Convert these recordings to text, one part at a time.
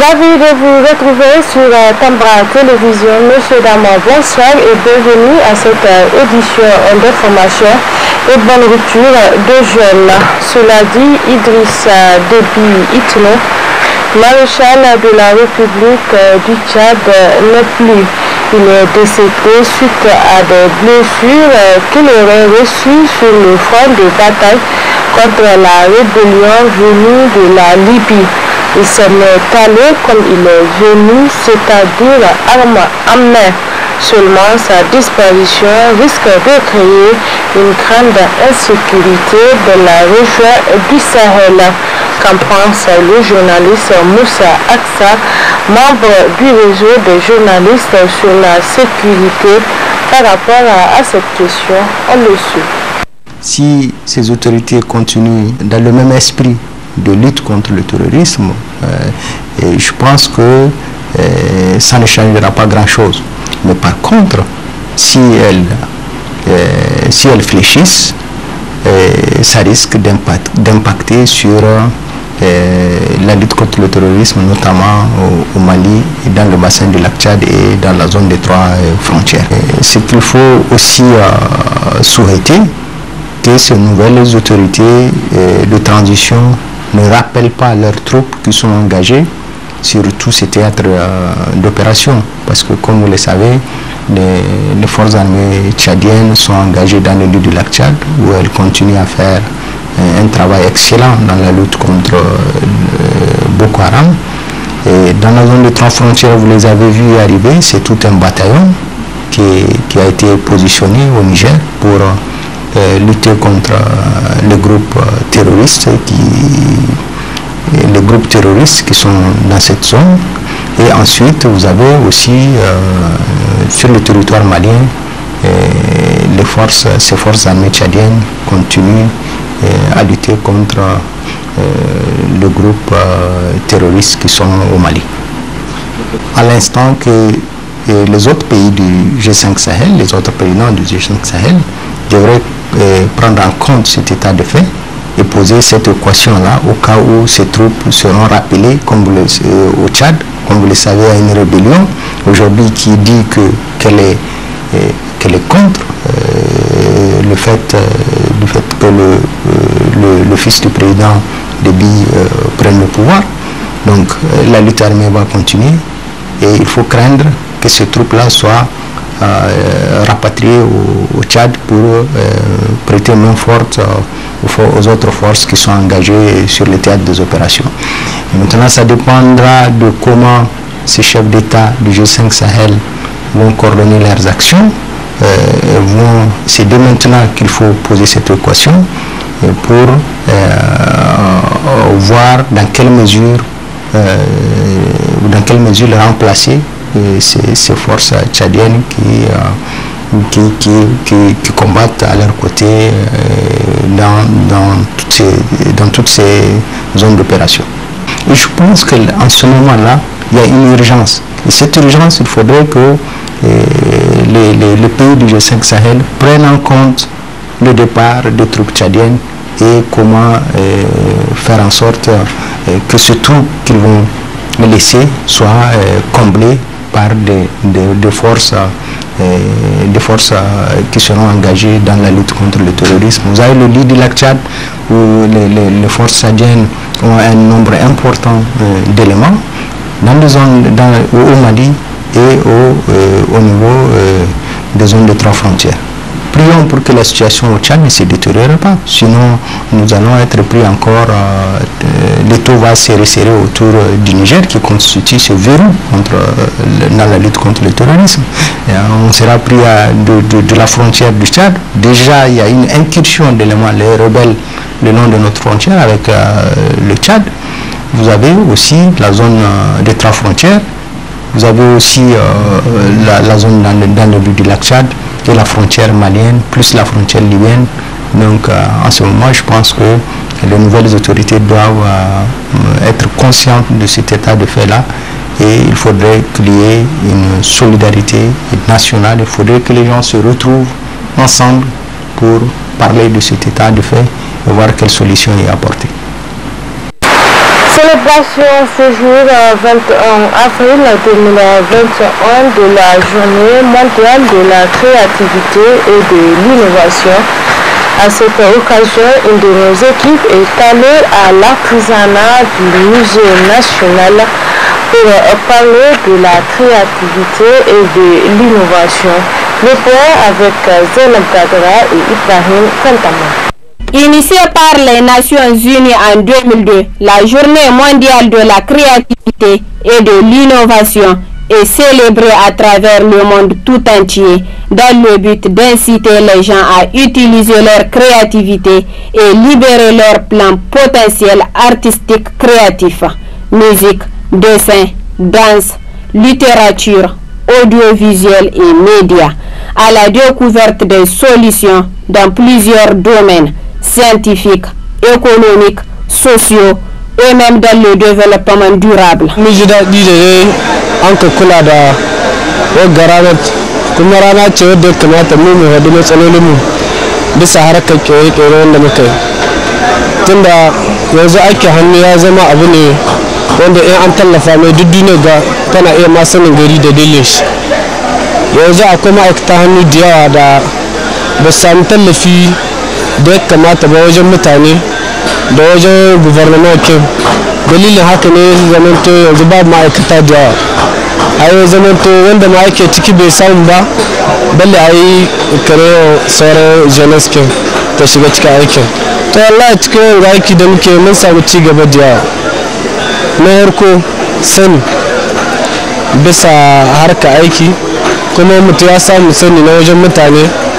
ravie de vous retrouver sur euh, Tambra Télévision. Monsieur Daman, bonsoir et bienvenue à cette euh, édition d'information et et bonne rupture de jeunes. Cela dit, Idrissa euh, Deby Itno, maréchal de la République du Tchad, n'est plus. Il est décédé suite à des blessures qu'il aurait reçues sur le front de batailles contre la rébellion venue de la Libye. Il sont allé comme il est venu, c'est-à-dire arme en main. Seulement, sa disparition risque de créer une grande insécurité dans la région du Sahel. Qu'en pense le journaliste Moussa Aksa, membre du réseau des journalistes sur la sécurité par rapport à, cette question On le suit. Si ces autorités continuent dans le même esprit de lutte contre le terrorisme. Euh, et je pense que euh, ça ne changera pas grand-chose. Mais par contre, si elles, euh, si fléchissent, ça risque d'impacter sur la lutte contre le terrorisme, notamment au, Mali, dans le bassin du lac Tchad et dans la zone des trois frontières. ce qu'il faut aussi souhaiter que ces nouvelles autorités de transition ne rappellent pas leurs troupes qui sont engagées sur tous ces théâtres euh, d'opération. Parce que, comme vous le savez, les, forces armées tchadiennes sont engagées dans le lieu du lac Tchad, où elles continuent à faire euh, un travail excellent dans la lutte contre euh, Boko Haram. Et dans la zone de transfrontière, vous les avez vus arriver, c'est tout un bataillon qui, qui, a été positionné au Niger pour euh, lutter contre euh, les groupes euh, terroristes qui les groupes terroristes qui sont dans cette zone et ensuite vous avez aussi sur le territoire malien les forces, ces forces armées tchadiennes continuent à lutter contre le groupe terroriste qui sont au Mali. À l'instant que les autres pays du G5 Sahel, les autres pays non du G5 Sahel, devraient euh, prendre en compte cet état de fait et poser cette équation-là au cas où ces troupes seront rappelées comme vous le, euh, au Tchad, comme vous le savez, à une rébellion aujourd'hui qui dit euh, qu'elle est, contre le fait, fait, que le, le, fils du président Déby prenne le pouvoir. Donc la lutte armée va continuer et il faut craindre que ces troupes-là soient euh, rapatrier au, Tchad pour euh, prêter main forte aux, autres forces qui sont engagées sur le théâtre des opérations. maintenant, ça dépendra de comment ces chefs d'État du G5 Sahel vont coordonner leurs actions. Euh, c'est dès maintenant qu'il faut poser cette équation pour voir dans quelle mesure euh, dans quelle mesure le remplacer ces, forces tchadiennes euh, qui, qui, qui, qui, combattent à leur côté euh, dans, dans, toutes ces, dans toutes ces zones d'opération. Et je pense qu'en ce moment-là, il y a une urgence. Et cette urgence, il faudrait que euh, les, les, pays du G5 Sahel prennent en compte le départ des troupes tchadiennes et comment faire en sorte que ce trou qu'ils vont laisser soit comblé par des, forces, euh, forces euh, qui seront engagées dans la lutte contre le terrorisme. Vous avez le lit du lac Tchad où les, forces tchadiennes ont un nombre important euh, d'éléments dans des zones au Mali et au niveau des zones de trois frontières prions pour que la situation au Tchad ne se détériore pas. Sinon, nous allons être pris encore, le euh, taux va se resserrer autour euh, du Niger qui constitue ce verrou contre, euh, dans la lutte contre le terrorisme. on sera pris à, de, la frontière du Tchad. Déjà, il y a une incursion d'éléments, les rebelles, le long de notre frontière avec le Tchad. Vous avez aussi la zone des trois frontières vous avez aussi euh, euh, la, zone dans le, but du lac Tchad, qui la frontière malienne, plus la frontière libyenne. Donc euh, en ce moment, je pense que les nouvelles autorités doivent être conscientes de cet état de fait-là et il faudrait qu'il y ait une solidarité nationale, il faudrait que les gens se retrouvent ensemble pour parler de cet état de fait et voir quelles solutions y apporter célébration se jour 21 avril 2021 de la journée mondiale de la créativité et de l'innovation. À cette occasion, une de nos équipes est allée à l'artisanat du musée national pour parler de la créativité et de l'innovation. Le point avec Zainab Kadra et Ibrahim Kantama. Initiée par les Nations Unies en 2002, la Journée mondiale de la créativité et de l'innovation est célébrée à travers le monde tout entier dans le but d'inciter les gens à utiliser leur créativité et libérer leur plan potentiel artistique créatif. Musique, dessin, danse, littérature, audiovisuel et médias, à la découverte des solutions dans plusieurs domaines scientifique, économique, sociaux et même dans le développement durable. kuma rana ce wadda ya kamata mu mu hadu matsalolinmu bisa harkar kere-kere wanda muka yi tunda yanzu ake hannu ya zama abu ne wanda in an tallafa mai duk duniya ga tana iya ma sanin gari da dalilin shi yanzu akwai ma'aikata hannu da yawa da ba samu tallafi da ya kamata ba wajen mutane da wajen guvernamokin dalilin haka ne ya to yanzu ba ma'aikata da yawa a yi to wanda ma ake ciki bai samu ba balle a yi kare sauran jeneskin ta shiga cikin aikin to wallahi cikin yanzu aiki da muke mun samu ci gaba da yawa na harko sani bisa harka aiki kuma mutu ya samu sani na wajen mutane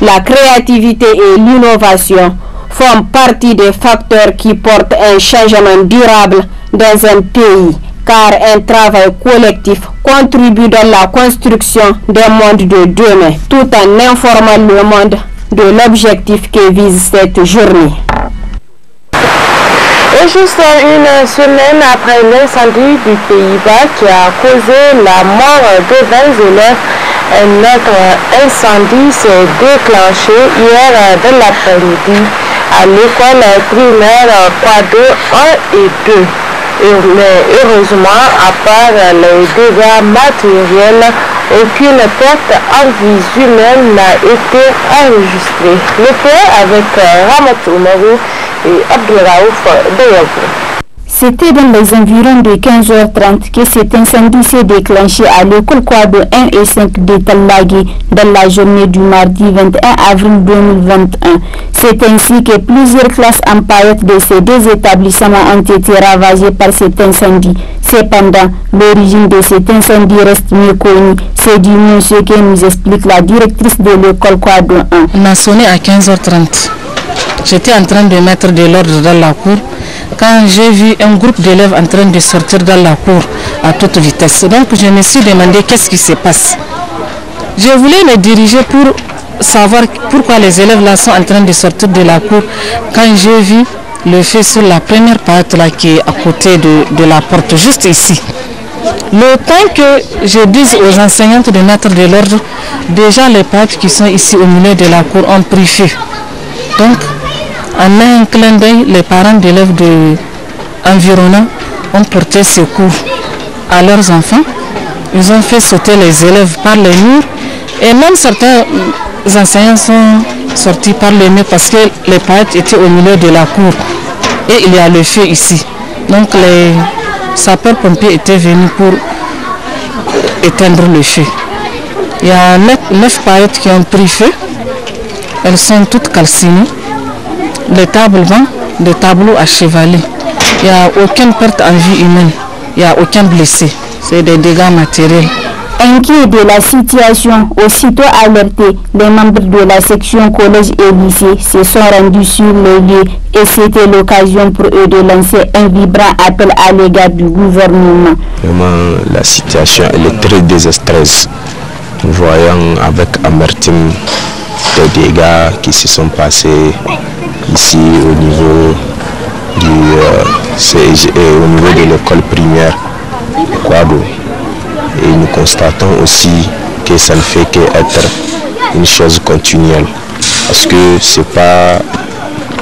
La créativité et l'innovation font partie des facteurs qui portent un changement durable dans un pays car un travail collectif contribue dans la construction d'un monde de demain tout en informant le monde de l'objectif que vise cette journée. Et juste une semaine après l'incendie du Pays-Bas qui a causé la mort de 20 élèves, un autre incendie s'est déclenché hier de l'après-midi à l'école primaire 3, 2, 1 et 2 mais heureusement, à part les dégâts matériels, aucune perte en vie humaine n'a été enregistrée. Le fait avec Ramatou Maru et Abdelraouf Deyabou. C'était dans les environs de 15h30 que cet incendie s'est déclenché à l'école Quado 1 et 5 de Tallagui dans la journée du mardi 21 avril 2021. C'est ainsi que plusieurs classes en paillettes de ces deux établissements ont été ravagées par cet incendie. Cependant, l'origine de cet incendie reste mieux connue. C'est du mieux ce que nous explique la directrice de l'école Quado 1. On a sonné à 15h30. J'étais en train de mettre de l'ordre dans la cour quand j'ai vu un groupe d'élèves en train de sortir dans la cour à toute vitesse. Donc je me suis demandé qu'est-ce qui se passe. Je voulais me diriger pour savoir pourquoi les élèves là sont en train de sortir de la cour quand j'ai vu le feu sur la première pâte là qui est à côté de, la porte, juste ici. Le temps que je dise aux enseignantes de mettre de l'ordre, déjà les pâtes qui sont ici au milieu de la cour ont pris feu. Donc, en un clin d'œil, les parents d'élèves de environnants ont porté secours à leurs enfants. Ils ont fait sauter les élèves par les murs et même certains enseignants sont sortis par les murs parce que les poètes étaient au milieu de la cour et il y a le feu ici. Donc les sapeurs-pompiers étaient venus pour éteindre le feu. Il y a neuf, neuf qui ont pris feu. Elles sont toutes calcinées les tables des tableaux à chevaler. Il n'y a aucune perte en vie humaine, il n'y a aucun blessé. C'est des dégâts matériels. Inquiets de la situation, aussitôt alertés, les membres de la section collège et lycée se sont rendus sur le lieu et c'était l'occasion pour eux de lancer un vibrant appel à l'égard du gouvernement. Vraiment, la situation est très désastreuse. Nous voyons avec amertume les dégâts qui se sont passés ici au niveau du euh, euh, au niveau de l'école primaire Et nous constatons aussi que ça ne fait qu'être une chose continuelle. Parce que c'est pas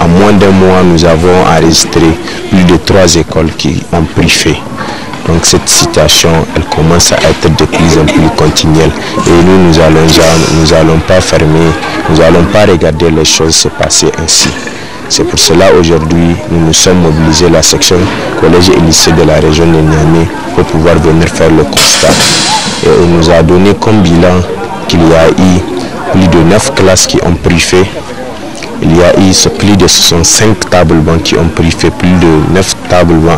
À moins d'un mois, nous avons enregistré plus de trois écoles qui ont pris fait. Donc cette situation, elle commence à être de plus en plus continuelle. Et nous, nous allons, nous allons pas fermer, nous allons pas regarder les choses se passer ainsi. C'est pour cela aujourd'hui, nous nous sommes mobilisés la section collège et lycée de la région de Niamey pour pouvoir venir faire le constat. Et on nous a donné comme bilan qu'il y a eu plus de 9 classes qui ont pris fait. Il y a eu plus de 65 tables qui ont pris fait, plus de 9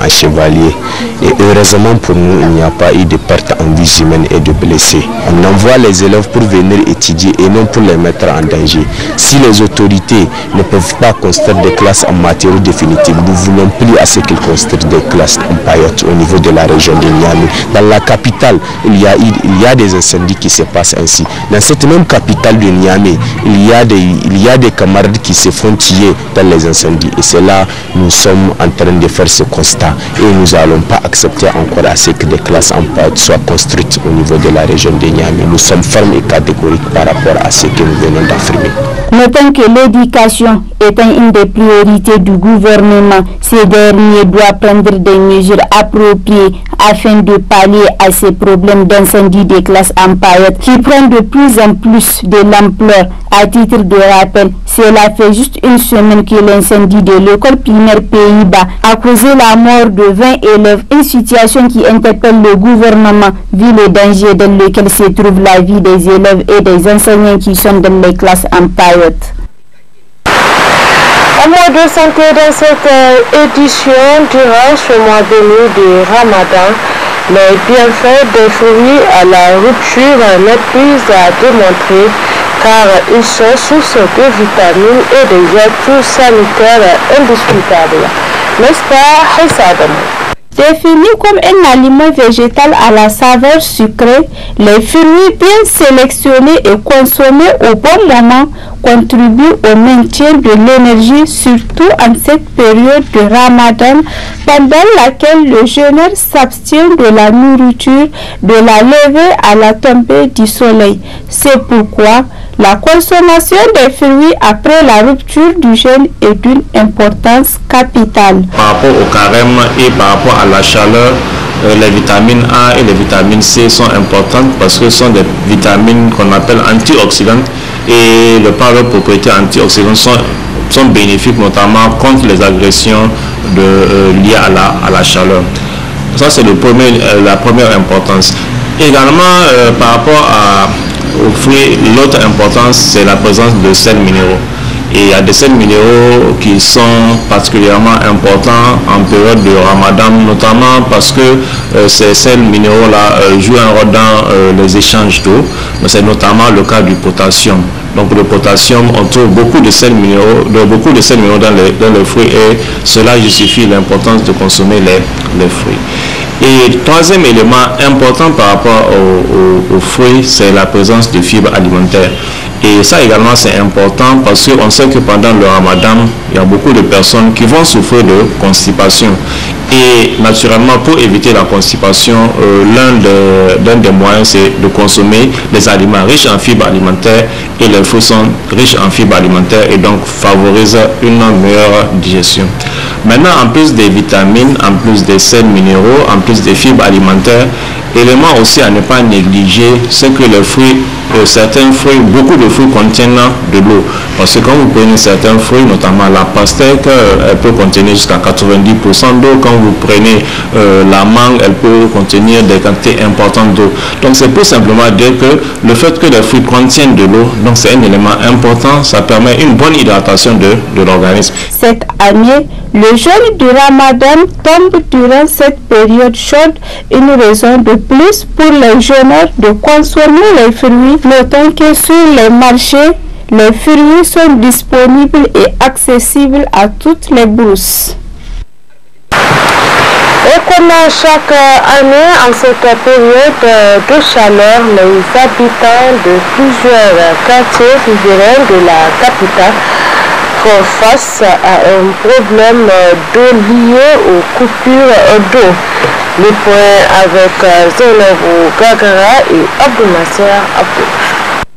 chevalier. Et heureusement pour nous, il n'y a pas eu de perte en vie humaine et de blessés. On envoie les élèves pour venir étudier et non pour les mettre en danger. Si les autorités ne peuvent pas construire des classes en matériaux définitifs, nous voulons plus à ce qu'ils construisent des classes en paillotte au niveau de la région de Niamey. Dans la capitale, il y, a, il y a des incendies qui se passent ainsi. Dans cette même capitale de Niamey, il y a des, il y a des camarades qui se font tuer dans les incendies. Et c'est là nous sommes en train de faire ce constat et nous n'allons pas accepter encore à ce que des classes en pâte soient construites au niveau de la région de Niamey. Nous sommes fermes et catégoriques par rapport à ce que nous venons d'affirmer. Notant que l'éducation est une des priorités du gouvernement, ces derniers doivent prendre des mesures appropriées afin de pallier à ces problèmes d'incendie des classes en paillettes qui prennent de plus en plus de l'ampleur. À titre de rappel, cela fait juste une semaine que l'incendie de l'école primaire Pays-Bas a causé la mort de 20 élèves, une situation qui interpelle le gouvernement vu le danger dans lequel se trouve la vie des élèves et des enseignants qui sont dans les classes en période. de santé dans cette euh, édition durant ce mois de Ramadan. Les bienfaits des fruits à la rupture n'est plus à démontrer car ils sont source de vitamines et de vertus sanitaires indiscutables. N'est-ce pas, comme un aliment végétal à la saveur sucrée, les fruits bien sélectionnés et consommés au bon moment contribue au maintien de l'énergie, surtout en cette période de ramadan, pendant laquelle le jeûneur s'abstient de la nourriture de la levée à la tombée du soleil. C'est pourquoi la consommation des fruits après la rupture du jeûne est d'une importance capitale. Par rapport au carême et par rapport à la chaleur, euh, les vitamines A et les vitamines C sont importantes parce que ce sont des vitamines qu'on appelle antioxydantes et le parc de propriétés antioxydantes sont, bénéfiques notamment contre les agressions euh, liées à la, chaleur. Ça, c'est euh, la première importance. Également, euh, par rapport à, aux fruits, l'autre importance, c'est la présence de sels minéraux. Et il y a des sels minéraux qui sont particulièrement importants en période de ramadan, notamment parce que euh, ces, sels minéraux-là euh, jouent un rôle dans euh, les échanges d'eau. C'est notamment le cas du potassium. Donc le potassium, on trouve beaucoup de sels minéraux, beaucoup de sels minéraux dans les, fruits et cela justifie l'importance de consommer les, fruits. Et troisième élément important par rapport aux fruits, c'est la présence de fibres alimentaires. Et ça également, c'est important parce qu'on sait que pendant le ramadan, il y a beaucoup de personnes qui vont souffrir de constipation. Et naturellement, pour éviter la constipation, euh, l'un des moyens, c'est de consommer des aliments riches en fibres alimentaires et les fruits sont riches en fibres alimentaires et donc favorisent une meilleure digestion. Maintenant, en plus des vitamines, en plus des sels minéraux, en plus des fibres alimentaires, Élément aussi à ne pas négliger, c'est que les fruits, euh, certains fruits, beaucoup de fruits contiennent de l'eau. Parce que quand vous prenez certains fruits, notamment la pastèque, euh, elle peut contenir jusqu'à 90% d'eau. Quand vous prenez euh, la mangue, elle peut contenir des quantités importantes d'eau. Donc c'est pour simplement dire que le fait que les fruits contiennent de l'eau, donc c'est un élément important, ça permet une bonne hydratation de, de l'organisme. Cette année, le jeûne du ramadan tombe durant cette période chaude, une raison de plus pour les jeunes de consommer les fruits. notant que sur les marchés, les fruits sont disponibles et accessibles à toutes les bourses. Et comme chaque année, en cette période de chaleur, les habitants de plusieurs quartiers riverains de la capitale face à un problème d'eau lié aux coupures d'eau. Le point avec euh, Zonovo Gagara et Abdoumasser Abdou.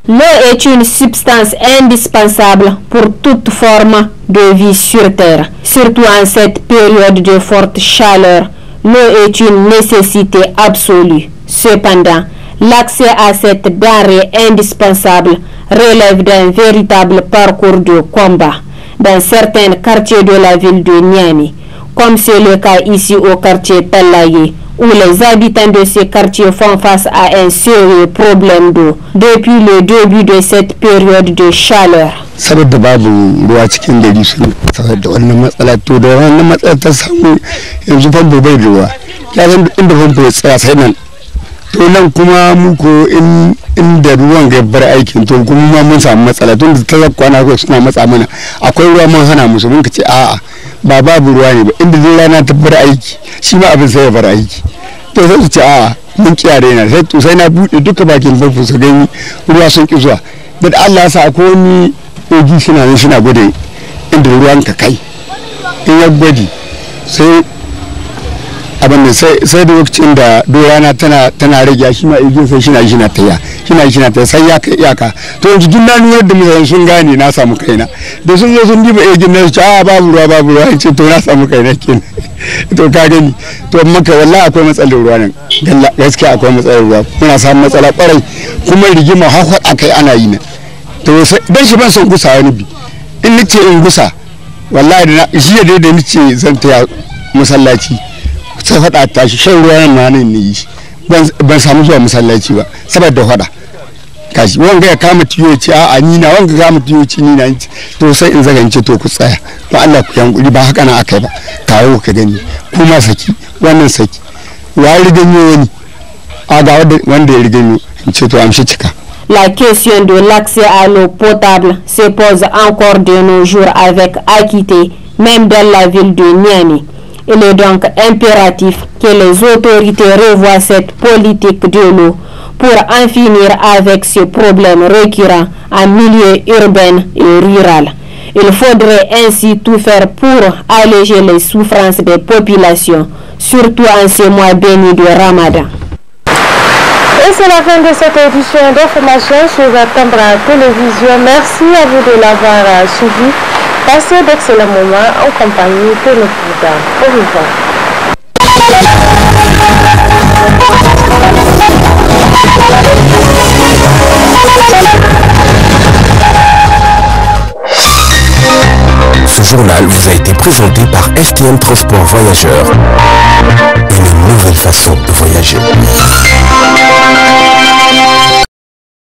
L'eau est une substance indispensable pour toute forme de vie sur Terre, surtout en cette période de forte chaleur. L'eau est une nécessité absolue. Cependant, l'accès à cette denrée indispensable relève d'un véritable parcours de combat dans certains quartiers de la ville de Niamey, comme c'est le cas ici au quartier Pelaye, où les habitants de ces quartiers font face à un sérieux problème d'eau depuis le début de cette période de chaleur. to nan kuma mun ko in inda ruwan ga bar aikin to kuma ma mun samu matsala tun da ta kwana ko suna matsa mana akwai ruwa mun hana musu mun kace a'a ba babu ruwa ne ba inda zai rana ta bar aiki shi ma abin sai ya bar aiki to sai su ce a'a mun kiyare na sai to sai na bude duka bakin barfu su gani ruwa sun ki zuwa da Allah ya sa akwai wani oji suna nan suna gode inda ruwan ka kai in ya gwadi sai abin da sai da lokacin da doyana tana tana rage shi ma igin sai shina shina taya shina shina taya sai ya kai yaka to yanzu duk na yadda da sun gane na samu kaina da sun zo sun diba igin na ce a ah, babu ruwa babu ruwa ce to na samu kaina kenan to ka gani to kai wallahi akwai matsalar ruwa nan gaskiya akwai matsalar ruwa muna samun matsala kwarai kuma rigima har akai ana yi ne to dan shi ban san gusa wani bi in nace in gusa wallahi da shi da da nace zan taya masallaci La question de l'accès à l'eau potable se pose encore de nos jours avec acquitté, même dans la ville de Niamey. Il est donc impératif que les autorités revoient cette politique de l'eau pour en finir avec ce problème récurrent en milieu urbain et rural. Il faudrait ainsi tout faire pour alléger les souffrances des populations, surtout en ce mois béni du Ramadan. Et c'est la fin de cette édition d'information sur la Télévision. Merci à vous de l'avoir suivi. Passez d'excellents moments en compagnie de nos Au revoir. Ce journal vous a été présenté par STM Transport Voyageurs. Une nouvelle façon de voyager.